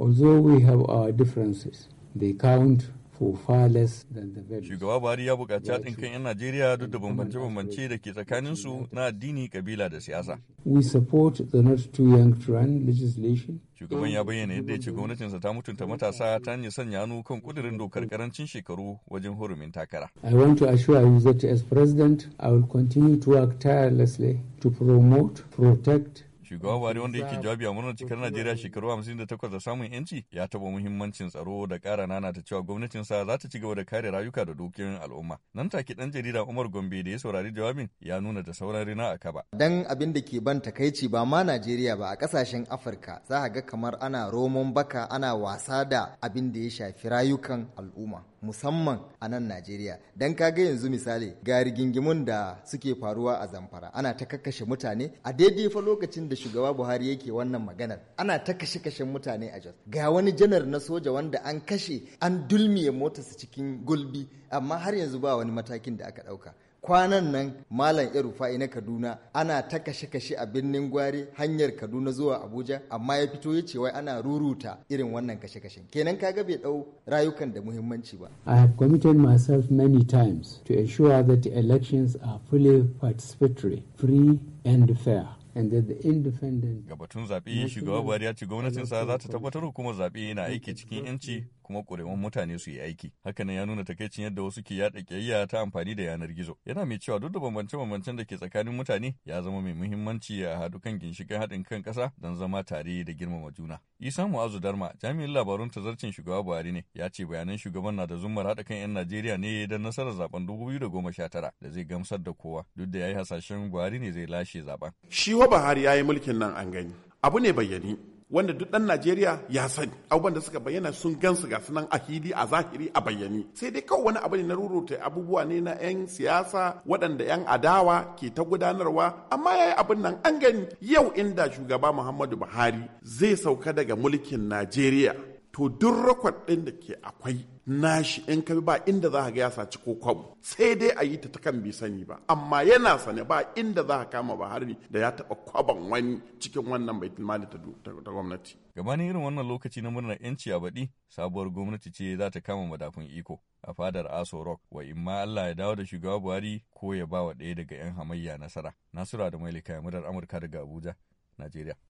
Although we have our differences, they count for the Shugaba Buhari ya buƙaci haɗin kan 'yan Najeriya duk da bambance-bambance da ke tsakaninsu na addini, kabila da siyasa. We support the Not Too Young to Run legislation. Shugaban ya bayyana yadda ya ce gwamnatinsa ta mutunta matasa ta hanyar sanya hannu kan kudirin dokar karancin shekaru wajen hurumin takara. I want to assure you that as president, I will continue to work tirelessly to promote, protect, Shugaba Buhari wanda yake jawabi a murnar cikar Najeriya shekaru 58 da samun yanci ya taɓa muhimmancin tsaro da ƙara ta cewa gwamnatinsa za ta ci gaba da kare rayuka da dukiyoyin al'umma. Nan take dan jarida Umar Gombe da ya saurari jawabin ya nuna da sauran rina a kaba. Dan abin da ke ban takaici ba ma Najeriya ba a kasashen Afirka za a ga kamar ana romon baka ana wasa da abin da ya shafi rayukan al'umma. musamman a nan Najeriya. Dan kaga yanzu misali ga rigingimun da suke faruwa a Zamfara ana ta kakkashe mutane a daidai fa lokacin da shugaba Buhari yake wannan maganar ana ta kashe kashe mutane a Jos. Ga wani janar na soja wanda an kashe an dulmiye motarsa cikin gulbi amma har yanzu ba wani matakin da aka ɗauka. kwanan nan malam irufa'i na kaduna ana ta kashe-kashe a birnin gwari hanyar kaduna zuwa abuja amma ya fito ya ce wai ana ruruta irin wannan kashe-kashen kenan kaga bai dau rayukan da muhimmanci ba i have committed myself many times to ensure that the elections are fully participatory free and fair Ga batun zaɓe shugaba Buhari ya ce gwamnatinsa za ta tabbatar hukumar zaɓe na aiki cikin 'yanci kuma ƙuri'un mutane su yi aiki. Hakanan ya nuna takaicin yadda wasu ke yaɗa ƙiyayya ta amfani da yanar gizo. Yana mai cewa duk da bambance-bambancen da ke tsakanin mutane ya zama mai muhimmanci a haɗu kan ginshikan haɗin kan ƙasa don zama tare da girmama juna. Isa Mu'azu Darma jami'in labarun tazarcin shugaba Buhari ne ya ce bayanan shugaban na da zumar haɗa kan 'yan Najeriya ne don nasarar zaben 2019 da sha tara da zai gamsar da kowa duk da ya yi hasashen Buhari ne zai lashe zaben. Shi wa Buhari ya yi mulkin nan an gani. Abu ne bayyani wanda duk ɗan Najeriya ya sani abubuwan da suka bayyana sun gansu ga sunan a hili a zahiri a bayyane sai dai kawai wani abu ne na rurrute abubuwa ne na 'yan siyasa waɗanda 'yan adawa ke ta gudanarwa amma yayi abin nan an gani yau inda shugaba Muhammadu Buhari zai sauka daga mulkin Najeriya to duk rakwad ɗin da ke akwai nashi in ka ba inda za ka ga ya saci ko kwabo sai dai a yi ta takan bi sani ba amma yana sane ba inda za ka kama ba hari da ya taɓa kwaban wani cikin wannan bai mali ta gwamnati gabanin irin wannan lokaci na murnar yanci a baɗi sabuwar gwamnati ce za ta kama madafin iko a fadar aso rock wa imma allah ya dawo da shugaba buhari ko ya ba wa ɗaya daga yan hamayya nasara nasura da mailika murar amurka daga abuja najeriya